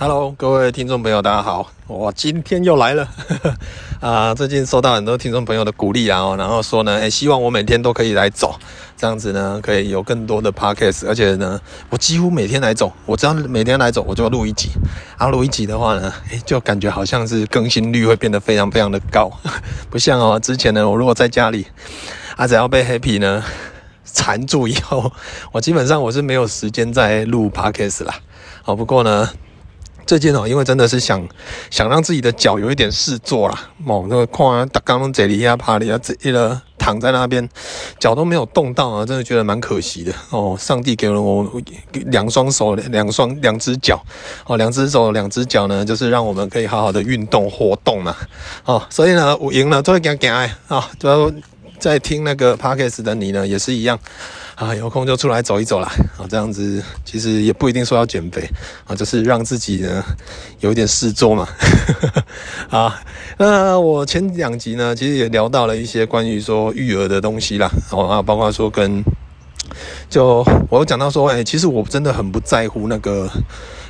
Hello，各位聽眾朋友，大家好！我今天又來了 啊！最近收到很多聽眾朋友的鼓勵啊、哦，然後說呢誒，希望我每天都可以來走，這樣子呢，可以有更多的 podcast。而且呢，我幾乎每天來走，我只要每天來走，我就要錄一集。啊，錄一集的話呢誒，就感覺好像是更新率會變得非常非常的高， 不像哦，之前呢，我如果在家裡，啊，只要被 happy 呢纏住以後，我基本上我是沒有時間再錄 podcast 啦。好，不過呢，最近哦，因為真的是想想讓自己的腳有一點事做啦。哦，那個看完剛剛這裡啊，爬裡呀，這一個躺在那邊，腳都沒有動到啊，真的覺得蠻可惜的哦。上帝給了我兩雙手、兩雙兩隻腳，哦，兩隻手、兩隻腳呢，就是讓我們可以好好的運動活動呢，哦，所以呢，我贏了，都會講講愛啊，就。在聽那個 podcast 的你呢，也是一樣，啊，有空就出來走一走啦，啊，這樣子其實也不一定說要減肥啊，就是讓自己呢有一點事做嘛呵呵，啊，那我前兩集呢，其實也聊到了一些關於說育兒的東西啦，好啊，包括說跟，就我講到說，哎、欸，其實我真的很不在乎那個。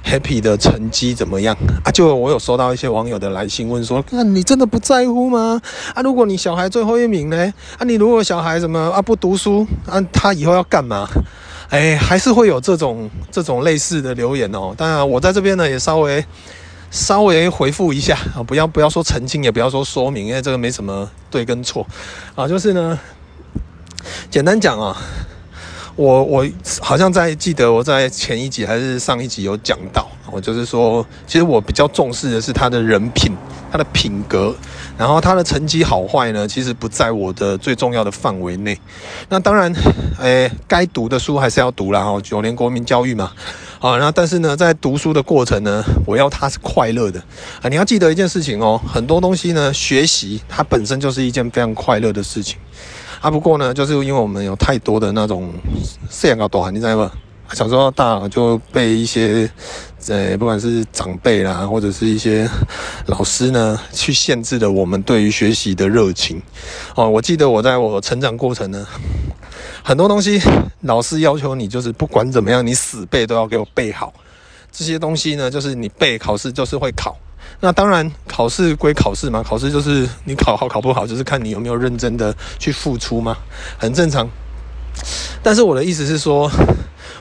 Happy 的成績怎麼樣啊？就我有收到一些網友的來信，問說：“那你真的不在乎嗎？”啊，如果你小孩最後一名呢？啊，你如果小孩什麼啊不讀書啊，他以後要幹嘛？哎，還是會有這種這種類似的留言哦。當然，我在這邊呢也稍微稍微回復一下啊，不要不要說澄清，也不要說說明，因為這個沒什麼對跟錯啊，就是呢，簡單講啊、哦。我我好像在記得，我在前一集還是上一集有講到，我、哦、就是說，其實我比較重視的是他的人品，他的品格，然後他的成績好壞呢，其實不在我的最重要的範圍內。那當然，誒，該讀的書還是要讀啦，哦、九年國民教育嘛，啊、哦，那但是呢，在讀書的過程呢，我要他是快樂的。啊，你要記得一件事情哦，很多東西呢，學習它本身就是一件非常快樂的事情。啊，不過呢，就是因為我們有太多的那種思想的阻礙，你知道嗎？小時候大就被一些，呃、欸，不管是長輩啦，或者是一些老師呢，去限制了我們對於學習的熱情。哦，我記得我在我成長過程呢，很多東西老師要求你就是不管怎麼樣，你死背都要給我背好。這些東西呢，就是你背考試就是會考。那當然，考試歸考試嘛，考試就是你考好考不好，就是看你有沒有認真的去付出嘛，很正常。但是我的意思是說，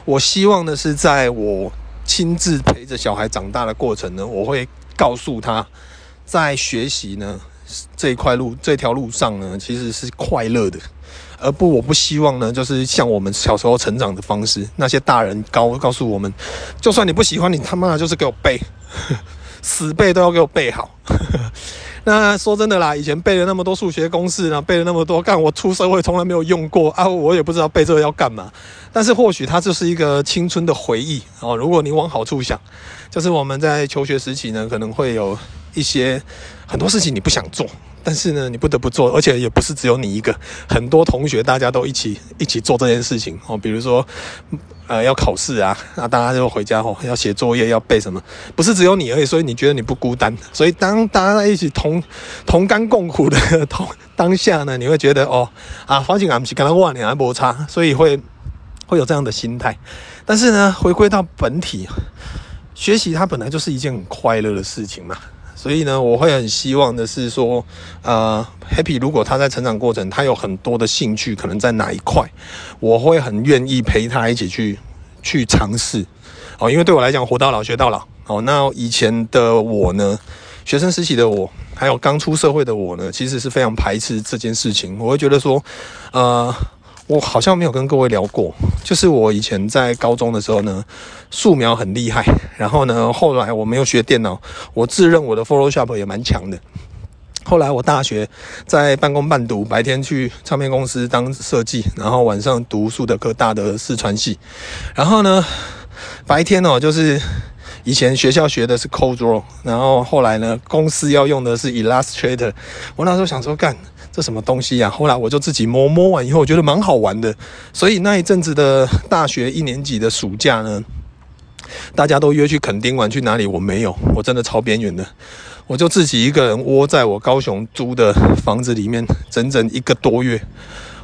我希望呢是在我親自陪着小孩長大的過程呢，我會告訴他，在學習呢這一塊路這條路上呢，其實是快樂的，而不我不希望呢，就是像我們小時候成長的方式，那些大人告告訴我們，就算你不喜歡，你他媽的就是給我背。死背都要給我背好。 那說真的啦，以前背了那麼多數學公式呢，背了那麼多，幹我出社會從來沒有用過啊！我也不知道背這個要幹嘛。但是或許它就是一個青春的回憶哦。如果你往好處想，就是我們在求學時期呢，可能會有。一些很多事情你不想做，但是呢，你不得不做，而且也不是只有你一個，很多同學大家都一起一起做這件事情哦。比如說，呃，要考試啊，那、啊、大家就回家哦，要寫作業，要背什麼，不是只有你而已，所以你覺得你不孤單。所以當大家在一起同同甘共苦的同當下呢，你會覺得哦，啊，反正俺們是跟他萬年沒差，所以會會有這樣的心態。但是呢，回歸到本體，學習它本來就是一件很快樂的事情嘛。所以呢，我會很希望的是說，呃，Happy 如果他在成長過程，他有很多的興趣，可能在哪一塊，我會很願意陪他一起去去嘗試，哦，因為對我來講，活到老學到老，哦，那以前的我呢，學生時期的我，還有剛出社會的我呢，其實是非常排斥這件事情，我會覺得說，呃。我好像沒有跟各位聊過，就是我以前在高中的時候呢，素描很厲害，然後呢，後來我沒有學電腦，我自認我的 Photoshop 也蠻強的。後來我大學在半工半讀，白天去唱片公司當設計，然後晚上讀樹德科大的四川系。然後呢，白天哦，就是以前學校學的是 Corel Draw，然後後來呢，公司要用的是 Illustrator，我那時候想說幹。這什麼東西呀，啊？後來我就自己摸摸完以後，我覺得蠻好玩的。所以那一陣子的大學一年級的暑假呢，大家都約去墾丁玩，去哪裡？我沒有，我真的超邊緣的，我就自己一個人窩在我高雄租的房子裡面，整整一個多月。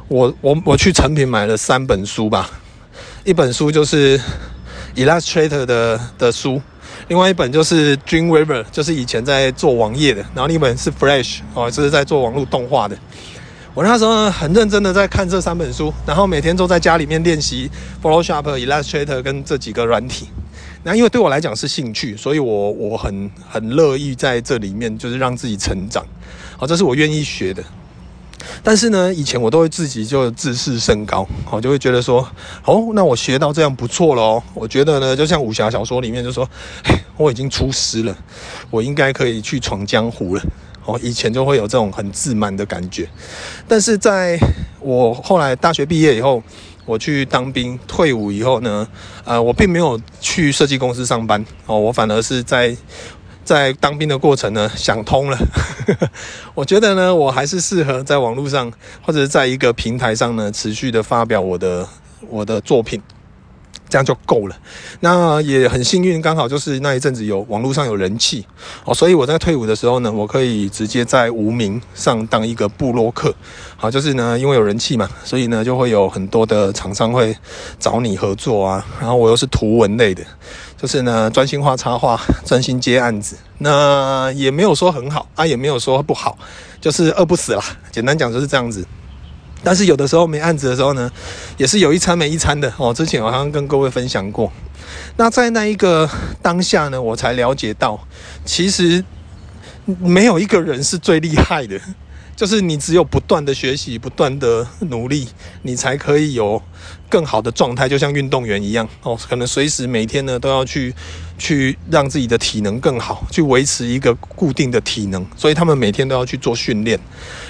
我我我去誠品買了三本書吧，一本書就是 Illustrator 的的書。另外一本就是 Dreamweaver 就是以前在做網頁的；然後另一本是 Flash，哦，這是在做網絡動畫的。我那時候呢，很認真的在看這三本書，然後每天都在家裡面練習 Photoshop、Illustrator 跟這幾個軟體。那因為對我來講是興趣，所以我我很很樂意在這裡面就是讓自己成長。哦，這是我願意學的。但是呢，以前我都會自己就自視甚高，我、哦、就會覺得說，哦，那我學到這樣不錯嘍。我覺得呢，就像武俠小說裡面就說，我已經出師了，我應該可以去闖江湖了。哦，以前就會有這種很自滿的感覺。但是在我後來大學畢業以後，我去當兵，退伍以後呢，呃，我並沒有去設計公司上班，哦，我反而是在。在當兵的過程呢，想通了。 我覺得呢，我還是適合在網絡上或者是在一個平台上呢，持續的發表我的我的作品。這樣就夠了，那也很幸運，剛好就是那一陣子有網絡上有人氣哦，所以我在退伍的時候呢，我可以直接在無名上當一個部落客。好，就是呢，因為有人氣嘛，所以呢就會有很多的廠商會找你合作啊。然後我又是圖文類的，就是呢專心畫插畫，專心接案子。那也沒有說很好啊，也沒有說不好，就是餓不死啦。簡單講就是這樣子。但是有的時候沒案子的時候呢，也是有一餐沒一餐的哦。之前我好像跟各位分享過，那在那一個當下呢，我才了解到，其實沒有一個人是最厲害的。就是你只有不斷的學習，不斷的努力，你才可以有更好的狀態，就像運動員一樣哦，可能隨時每天呢都要去去讓自己的體能更好，去維持一個固定的體能，所以他們每天都要去做訓練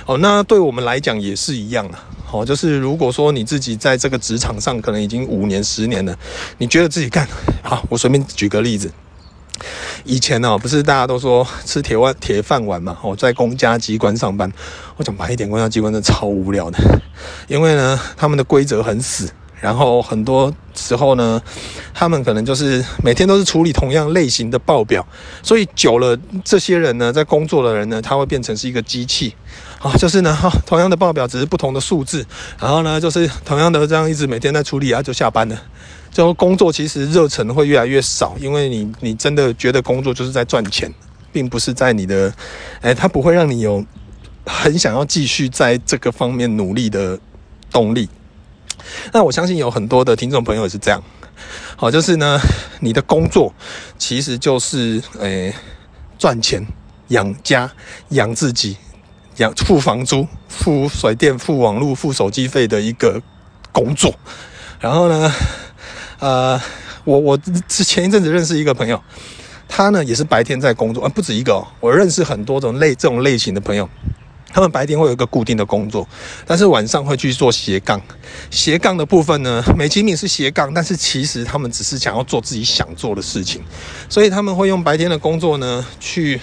哦。那對我們來講也是一樣啊，哦，就是如果說你自己在這個職場上可能已經五年、十年了，你覺得自己幹好，我隨便舉個例子。以前呢，不是大家都說吃鐵碗、鐵飯碗嘛？我在公家機關上班，我想買一點公家機關真的超無聊的，因為呢，他們的規則很死，然後很多時候呢，他們可能就是每天都是處理同樣類型的報表，所以久了，這些人呢，在工作的人呢，他會變成是一個機器，啊，就是呢，哈，同樣的報表只是不同的數字，然後呢，就是同樣的這樣一直每天在處理，然後就下班了。最後，就工作其實熱忱會越來越少，因為你，你真的覺得工作就是在賺錢，並不是在你的，誒、哎，它不會讓你有很想要繼續在這個方面努力的動力。那我相信有很多的聽眾朋友也是這樣，好，就是呢，你的工作其實就是，誒、哎，賺錢養家、養自己、養付房租、付水電、付網絡、付手機費的一個工作，然後呢，呃，我我之前一陣子認識一個朋友，他呢也是白天在工作，呃，不止一個哦，我認識很多種類這種類型的朋友，他們白天會有一個固定的工作，但是晚上會去做斜槓，斜槓的部分呢，美其名是斜槓，但是其實他們只是想要做自己想做的事情，所以他們會用白天的工作呢去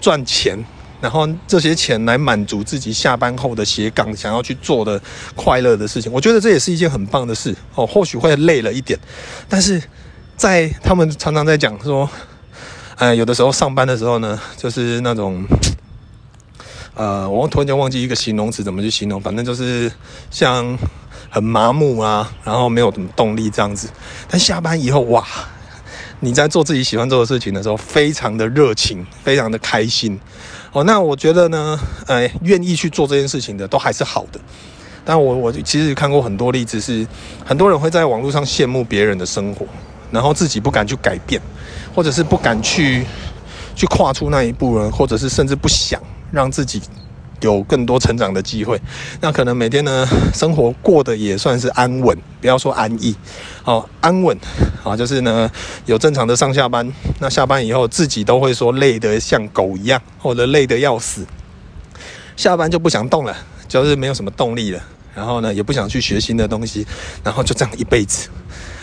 賺錢。然後這些錢來滿足自己下班後的斜槓想要去做的快樂的事情，我覺得這也是一件很棒的事哦。或許會累了一點，但是在他們常常在講說，哎，有的時候上班的時候呢，就是那種，呃，我突然間忘記一個形容詞怎麼去形容，反正就是像很麻木啊，然後沒有什麼動力這樣子。但下班以後哇！你在做自己喜歡做的事情的時候，非常的熱情，非常的開心，哦，那我覺得呢，哎，願意去做這件事情的都還是好的。但我我其實看過很多例子是，是很多人會在網絡上羨慕別人的生活，然後自己不敢去改變，或者是不敢去去跨出那一步呢，或者是甚至不想讓自己。有更多成長的機會，那可能每天呢，生活過得也算是安穩，不要說安逸，哦，安穩，啊，就是呢，有正常的上下班，那下班以後自己都會說累得像狗一樣，或者累得要死，下班就不想動了，就是沒有什麼動力了，然後呢，也不想去學新的東西，然後就這樣一輩子。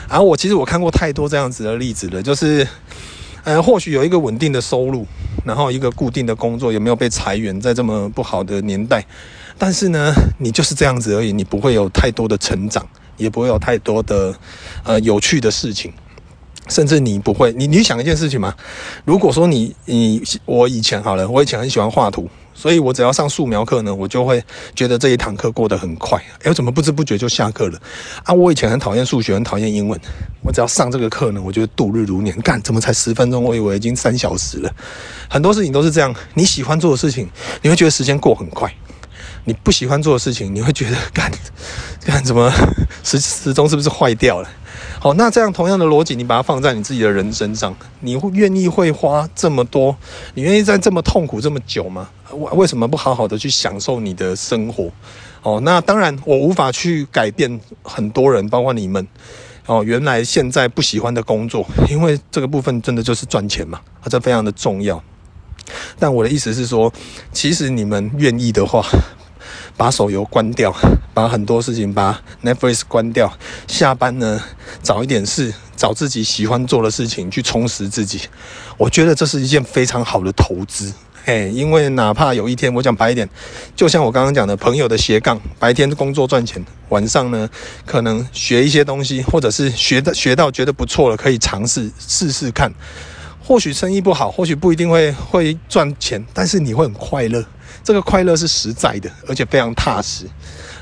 然後，啊，我其實我看過太多這樣子的例子了，就是，呃，或許有一個穩定的收入。然後一個固定的工作，有沒有被裁員，在這麼不好的年代，但是呢，你就是這樣子而已，你不會有太多的成長，也不會有太多的呃有趣的事情，甚至你不會，你你想，一件事情嘛，如果說你你，我以前好了，我以前很喜歡畫圖。所以我只要上素描課呢，我就會覺得這一堂課過得很快。哎，我怎麼不知不覺就下課了啊？我以前很討厭數學，很討厭英文。我只要上這個課呢，我覺得度日如年。幹，怎麼才十分鐘？我以為我已經三小時了。很多事情都是這樣，你喜歡做的事情，你會覺得時間過很快；你不喜歡做的事情，你會覺得幹幹，怎麼時時鐘是不是壞掉了？好，那這樣同樣的邏輯，你把它放在你自己的人身上，你會願意會花這麼多？你願意在這麼痛苦這麼久嗎？為為什麼不好好的去享受你的生活？哦，那當然，我無法去改變很多人，包括你們。哦，原來現在不喜歡的工作，因為這個部分真的就是賺錢嘛，這非常的重要。但我的意思是說，其實你們願意的話，把手遊關掉，把很多事情，把 Netflix 關掉，下班呢找一點事，找自己喜歡做的事情去充實自己。我覺得這是一件非常好的投資。Hey, 因為哪怕有一天我講白一點，就像我剛剛講的，朋友的斜槓，白天工作賺錢，晚上呢可能學一些東西，或者是學學到覺得不錯了，可以嘗試試試看，或許生意不好，或許不一定會會賺錢，但是你會很快樂，這個快樂是實在的，而且非常踏實。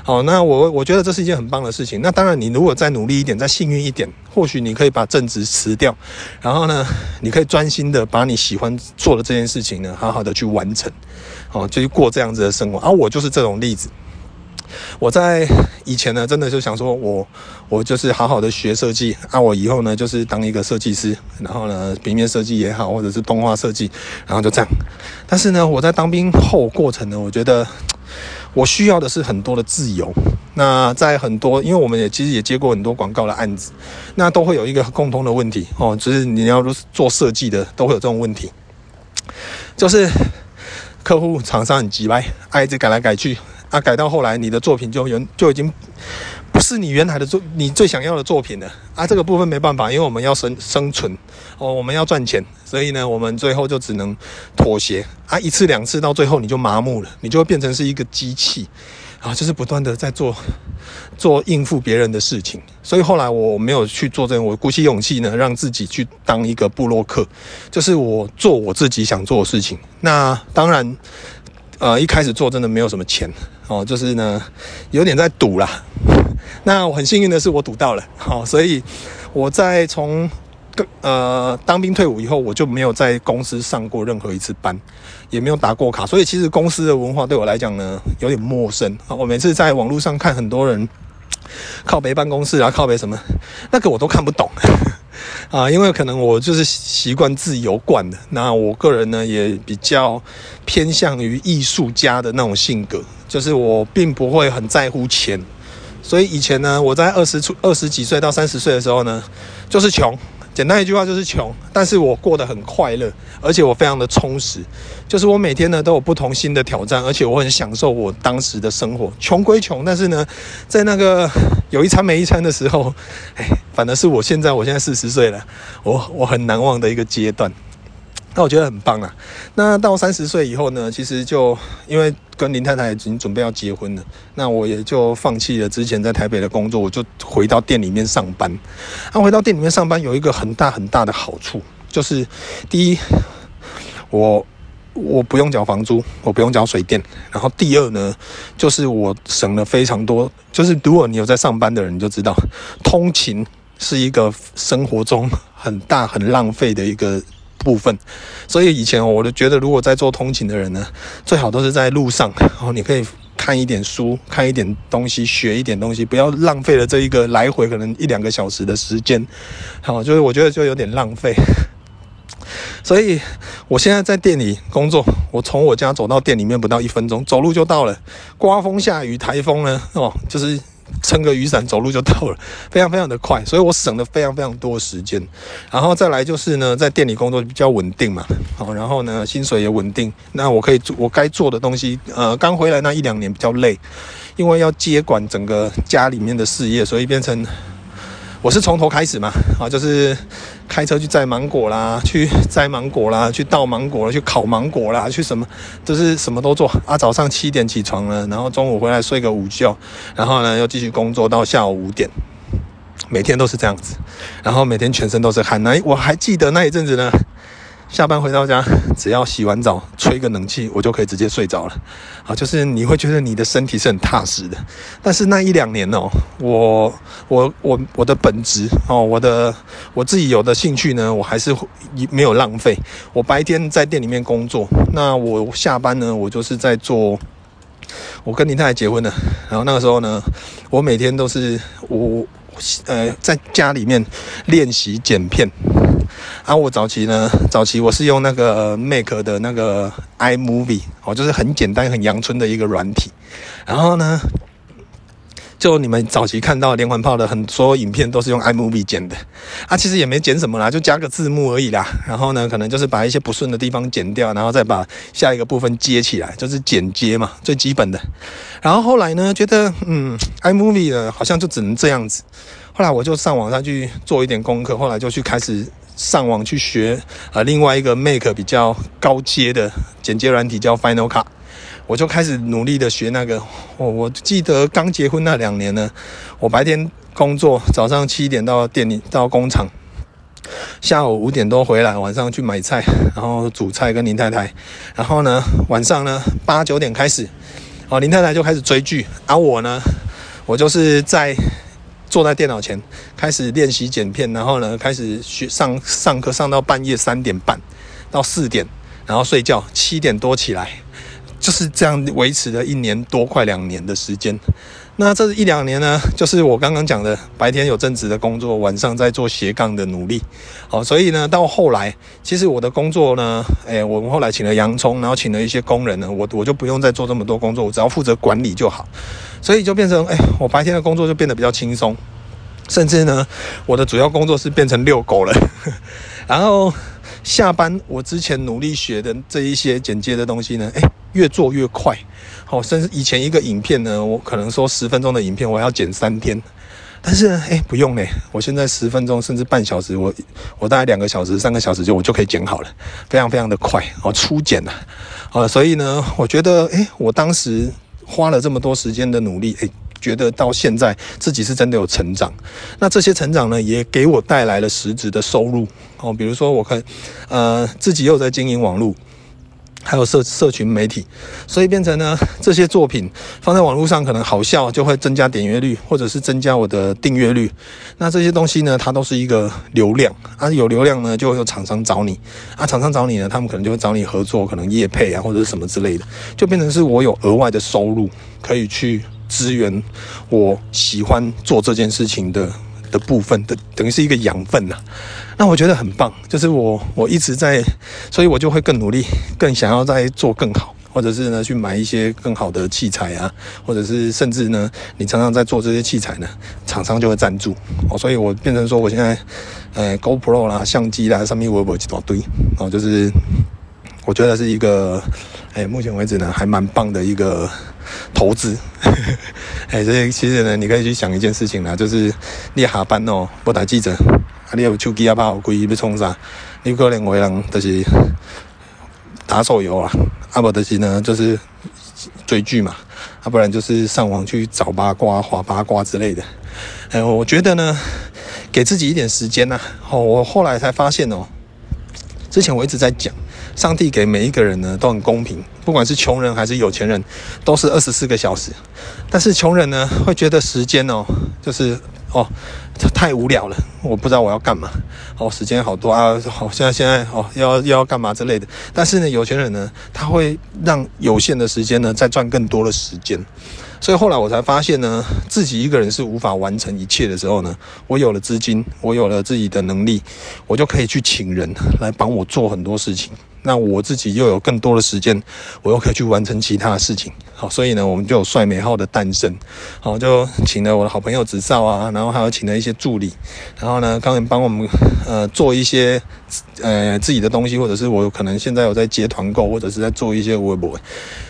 好、哦，那我我覺得這是一件很棒的事情。那當然，你如果再努力一點，再幸運一點，或許你可以把正職辭掉，然後呢，你可以專心的把你喜歡做的這件事情呢，好好的去完成。好、哦，就去過這樣子的生活。啊，我就是這種例子。我在以前呢，真的就想說我，我我就是好好的學設計，啊，我以後呢就是當一個設計師，然後呢，平面設計也好，或者是動畫設計，然後就這樣。但是呢，我在當兵後過程呢，我覺得。我需要的是很多的自由。那在很多，因為我們也其實也接過很多廣告的案子，那都會有一個共通的問題哦，就是你要做設計的都會有這種問題，就是客戶廠商很急吧，愛、啊、一直改來改去，啊，改到後來你的作品就有就已經。是你原來的作，你最想要的作品的啊，這個部分沒辦法，因為我們要生生存，哦，我們要賺錢，所以呢，我們最後就只能妥協啊，一次兩次，到最後你就麻木了，你就會變成是一個機器，啊，就是不斷的在做做應付別人的事情，所以後來我沒有去做這個，我鼓起勇氣呢，讓自己去當一個部落客，就是我做我自己想做的事情，那當然。呃，一開始做真的沒有什麼錢哦，就是呢，有點在賭啦。那我很幸運的是，我賭到了，哦，所以我在從呃當兵退伍以後，我就沒有在公司上過任何一次班，也沒有打過卡，所以其實公司的文化對我來講呢，有點陌生。哦，我每次在網絡上看很多人。靠北辦公室，然後靠北什麼，那個我都看不懂啊，因為可能我就是習慣自由慣的。那我個人呢，也比較偏向於藝術家的那種性格，就是我並不會很在乎錢。所以以前呢，我在二十出、二十幾歲到三十歲的時候呢，就是窮。簡單一句話就是窮，但是我過得很快樂，而且我非常的充實，就是我每天呢都有不同新的挑戰，而且我很享受我當時的生活。窮歸窮，但是呢，在那個有一餐沒一餐的時候，哎，反而是我現在，我現在四十歲了，我我很難忘的一個階段。那我覺得很棒啊！那到三十歲以後呢，其實就因為跟林太太已經準備要結婚了，那我也就放棄了之前在台北的工作，我就回到店裡面上班。那、啊、回到店裡面上班有一個很大很大的好處，就是第一，我我不用繳房租，我不用繳水電。然後第二呢，就是我省了非常多。就是如果你有在上班的人，你就知道，通勤是一個生活中很大很浪費的一個。部分，所以以前、哦、我都覺得，如果在做通勤的人呢，最好都是在路上，哦，你可以看一點書，看一點東西，學一點東西，不要浪費了這一個來回可能一兩個小時的時間，好、哦，就是我覺得就有點浪費。所以我現在在店裡工作，我從我家走到店裡面不到一分鐘，走路就到了。刮風下雨颱風呢，哦，就是。撐個雨傘走路就到了，非常非常的快，所以我省了非常非常多的時間。然後再來就是呢，在店裡工作比較穩定嘛，好，然後呢，薪水也穩定。那我可以做我該做的東西。呃，剛回來那一兩年比較累，因為要接管整個家裡面的事業，所以變成。我是從頭開始嘛，啊，就是開車去摘芒果啦，去摘芒果啦，去倒芒果啦，去烤芒果啦，去什麼就是什麼都做啊。早上七點起床了，然後中午回來睡個午覺，然後呢又繼續工作到下午五點，每天都是這樣子，然後每天全身都是汗。那我還記得那一陣子呢。下班回到家，只要洗完澡吹個冷氣，我就可以直接睡着了。好，就是你會覺得你的身體是很踏實的。但是那一兩年哦，我我我我的本職哦，我的我自己有的興趣呢，我還是沒有浪費。我白天在店裡面工作，那我下班呢，我就是在做。我跟林太太結婚了，然後那個時候呢，我每天都是我呃在家裡面練習剪片。啊，我早期呢，早期我是用那個 Mac 的那個 iMovie，哦，就是很簡單、很陽春的一個軟體。然後呢，就你們早期看到連環炮的很，所有影片都是用 iMovie 剪的啊，其實也沒剪什麼啦，就加個字幕而已啦。然後呢，可能就是把一些不順的地方剪掉，然後再把下一個部分接起來，就是剪接嘛，最基本的。然後後來呢，覺得嗯，iMovie 呢好像就只能這樣子。後來我就上網上去做一點功課，後來就去開始。上網去學啊、呃，另外一個 Mac 比較高階的剪接軟體叫 Final Cut，我就開始努力的學那個。我、哦、我記得剛結婚那兩年呢，我白天工作，早上七點到店裡到工廠，下午五點多回來，晚上去買菜，然後煮菜跟林太太，然後呢晚上呢八九點開始，哦林太太就開始追劇，而、啊、我呢，我就是在。坐在電腦前開始練習剪片，然後呢，開始學上上課，上到半夜三點半到四點，然後睡覺，七點多起來，就是這樣維持了一年多，快兩年的時間。那這一兩年呢，就是我剛剛講的，白天有正職的工作，晚上在做斜槓的努力。好，所以呢，到後來，其實我的工作呢，誒、欸，我們後來請了洋蔥，然後請了一些工人呢，我我就不用再做這麼多工作，我只要負責管理就好。所以就變成，誒、欸，我白天的工作就變得比較輕鬆，甚至呢，我的主要工作是變成遛狗了。 然後。下班，我之前努力學的這一些剪接的東西呢，誒、欸，越做越快，好、哦，甚至以前一個影片呢，我可能說十分鐘的影片，我要剪三天，但是哎、欸，不用嘞，我現在十分鐘甚至半小時，我我大概兩個小時、三個小時就我就可以剪好了，非常非常的快，好、哦，初剪了，好、哦，所以呢，我覺得哎、欸，我當時花了這麼多時間的努力，哎、欸。覺得到現在自己是真的有成長，那這些成長呢，也給我帶來了實質的收入哦。比如說，我看，呃，自己又在經營網絡，還有社社群媒體，所以變成呢，這些作品放在網絡上可能好笑，就會增加點閱率，或者是增加我的訂閱率。那這些東西呢，它都是一個流量啊，有流量呢，就會有廠商找你啊，廠商找你呢，他們可能就會找你合作，可能業配啊，或者是什麼之類的，就變成是我有額外的收入可以去。資源，支援我喜歡做這件事情的的部分等等於是一個養分啊，那我覺得很棒，就是我我一直在，所以我就會更努力，更想要再做更好，或者是呢去買一些更好的器材啊，或者是甚至呢，你常常在做這些器材呢，廠商就會贊助哦，所以我變成說我現在，呃，GoPro 啦、相機啦、上面微我有一大堆堆哦，就是。我覺得是一個，哎、欸，目前為止呢，還蠻棒的一個投資。哎、 欸，所以其實呢，你可以去想一件事情啦，就是你下班哦、喔，不打記者，啊，你有手機啊，怕好貴，不衝啥？你可能有人就是打手遊啊，啊，不然呢，就是追劇嘛，啊，不然就是上網去找八卦、劃八卦之類的。哎、欸，我覺得呢，給自己一點時間吶、啊。哦，我後來才發現哦、喔，之前我一直在講。上帝給每一個人呢都很公平，不管是窮人還是有錢人，都是二十四個小時。但是窮人呢會覺得時間哦，就是哦這太無聊了，我不知道我要幹嘛哦，時間好多啊，好現在現在哦要要幹嘛之類的。但是呢，有錢人呢他會讓有限的時間呢再賺更多的時間。所以後來我才發現呢，自己一個人是無法完成一切的時候呢，我有了資金，我有了自己的能力，我就可以去請人來幫我做很多事情。那我自己又有更多的時間，我又可以去完成其他的事情。好，所以呢，我們就有帥美號的誕生。好，就請了我的好朋友執照啊，然後還有請了一些助理。然後呢，剛才幫我們呃做一些呃自己的東西，或者是我可能現在有在接團購，或者是在做一些微博，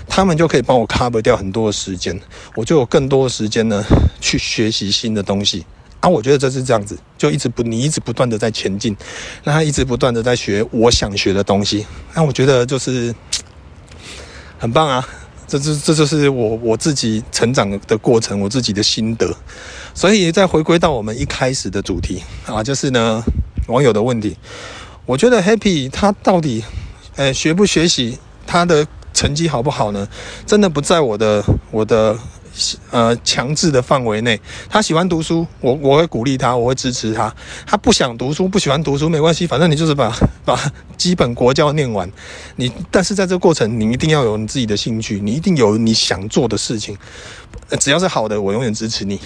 他們就可以幫我 cover 掉很多的時間，我就有更多的時間呢去學習新的東西。那、啊、我覺得這是這樣子，就一直不，你一直不斷的，在前進，那他一直不斷的在學我想學的東西。那、啊、我覺得就是很棒啊，這這這就是我我自己成長的過程，我自己的心得。所以再回歸到我們一開始的主題啊，就是呢網友的問題，我覺得 Happy 他到底，呃學不學習，他的成績好不好呢？真的不在我的我的。呃，強制的範圍內，他喜歡讀書，我我會鼓勵他，我會支持他。他不想讀書，不喜歡讀書，沒關係，反正你就是把把基本國教念完。你但是在這個過程，你一定要有你自己的興趣，你一定有你想做的事情。呃、只要是好的，我永遠支持你。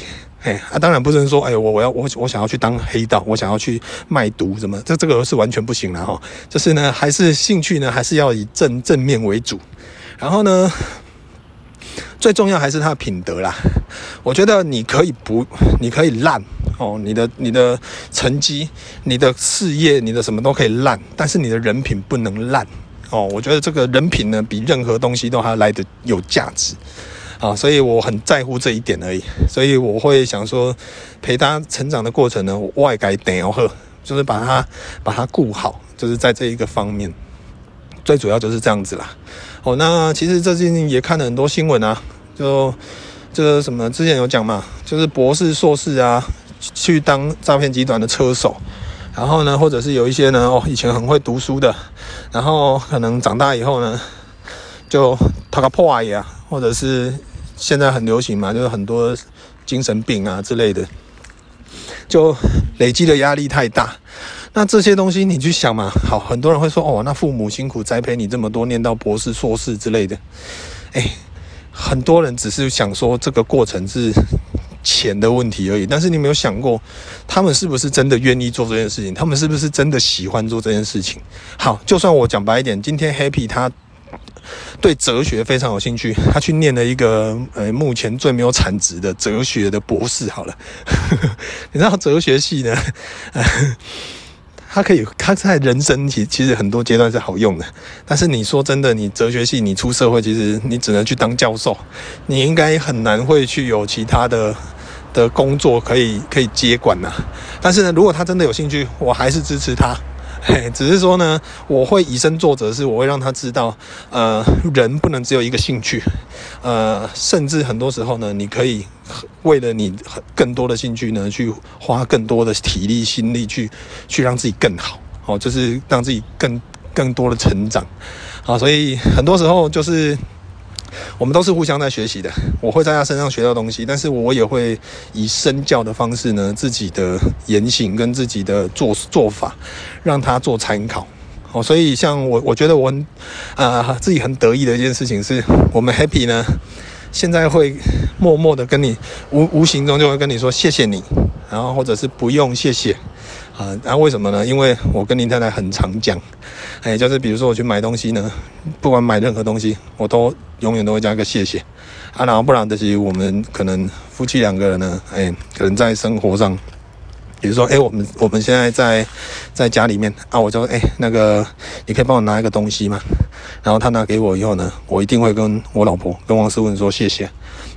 嘿，啊，當然不能說，哎、欸，我我要我我想要去當黑道，我想要去賣毒，什麼？這這個是完全不行了哈。就是呢，還是興趣呢，還是要以正正面為主。然後呢？最重要還是他的品德啦，我覺得你可以不，你可以爛哦，你的你的成績、你的事業、你的什麼都可以爛，但是你的人品不能爛哦。我覺得這個人品呢，比任何東西都還來得有價值啊、哦，所以我很在乎這一點而已。所以我會想說，陪他成長的過程呢，外加點呵就是把他把他顧好，就是在這一個方面，最主要就是這樣子啦。哦，那其實最近也看了很多新聞啊，就這個、就是、什麼之前有講嘛，就是博士、碩士啊，去當詐騙集團的車手，然後呢，或者是有一些呢，哦，以前很會讀書的，然後可能長大以後呢，就他個破玩意啊，或者是現在很流行嘛，就是很多精神病啊之類的，就累積的壓力太大。那這些東西你去想嘛？好，很多人會說：“哦，那父母辛苦栽培你這麼多，念到博士、碩士之類的。欸”哎，很多人只是想說這個過程是錢的問題而已。但是你有沒有想過，他們是不是真的願意做這件事情？他們是不是真的喜歡做這件事情？好，就算我講白一點，今天 Happy 他對哲學非常有興趣，他去念了一個呃、欸，目前最沒有產值的哲學的博士。好了， 你知道哲學系呢？ 他可以，他在人生其其實很多階段是好用的，但是你說真的，你哲學系，你出社會，其實你只能去當教授，你應該很難會去有其他的的工作可以可以接管吶，啊。但是呢，如果他真的有興趣，我還是支持他。嘿，只是說呢，我會以身作則，是我會讓他知道，呃，人不能只有一個興趣，呃，甚至很多時候呢，你可以為了你更多的興趣呢，去花更多的體力心力去去讓自己更好，好、哦，就是讓自己更更多的成長，啊、哦，所以很多時候就是。我們都是互相在學習的，我會在他身上學到東西，但是我也會以身教的方式呢，自己的言行跟自己的做做法，讓他做參考。哦，所以像我，我覺得我，啊、呃，自己很得意的一件事情是，我們 Happy 呢，現在會默默的跟你無，無形中就會跟你說謝謝你，然後或者是不用謝謝。啊，為什麼呢？因為我跟林太太很常講，哎、欸，就是比如說我去買東西呢，不管買任何東西，我都永遠都會加一個謝謝啊。然後不然的是我們可能夫妻兩個人呢，哎、欸，可能在生活上，比如說，哎、欸，我們我們現在在在家裡面啊，我說，哎、欸，那個你可以幫我拿一個東西嗎？然後他拿給我以後呢，我一定會跟我老婆跟王思文說謝謝。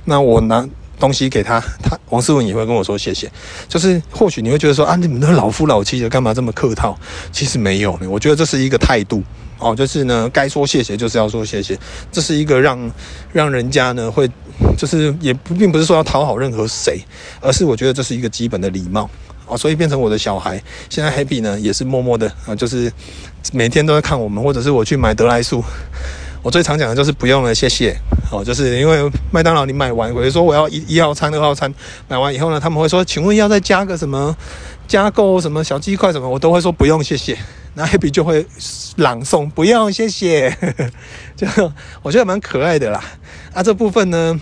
那我拿。東西給他，他王思文也會跟我說謝謝。就是或許你會覺得說啊，你們的老夫老妻的幹嘛這麼客套？其實沒有，我覺得這是一個態度哦。就是呢，該說謝謝就是要說謝謝，這是一個讓讓人家呢會，就是也並不是說要討好任何誰，而是我覺得這是一個基本的禮貌哦。所以變成我的小孩，現在 Happy 呢也是默默的啊，就是每天都在看我們，或者是我去買德萊素。我最常講的就是不用了，謝謝。哦，就是因為麥當勞，你買完，我就說我要一一號餐、二號餐，買完以後呢，他們會說，請問要再加個什麼，加購什麼小雞塊什麼，我都會說不用，謝謝。那 Happy 就會朗誦不用，謝謝， 就我覺得蠻可愛的啦。啊這部分呢？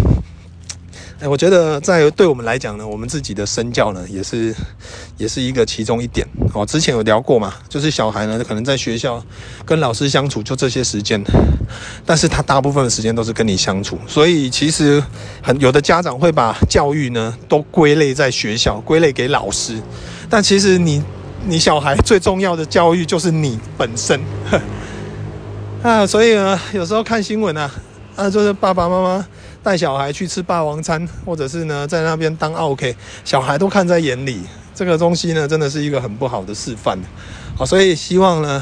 欸，我覺得在對我們來講呢，我們自己的身教呢，也是也是一個其中一點哦。之前有聊過嘛，就是小孩呢，可能在學校跟老師相處就這些時間，但是他大部分的時間都是跟你相處，所以其實很有的家長會把教育呢都歸類在學校，歸類給老師，但其實你你小孩最重要的教育就是你本身呵啊，所以呢，有時候看新聞啊，啊，就是爸爸媽媽。帶小孩去吃霸王餐，或者是呢，在那邊當 OK，小孩都看在眼裡，這個東西呢，真的是一個很不好的示範。好，所以希望呢，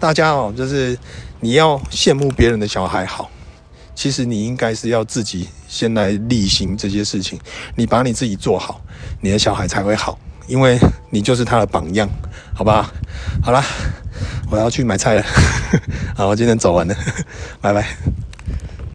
大家哦，就是你要羨慕別人的小孩好，其實你應該是要自己先來力行這些事情，你把你自己做好，你的小孩才會好，因為你就是他的榜樣，好吧？好啦，我要去買菜了， 好，我今天走完了，拜 拜。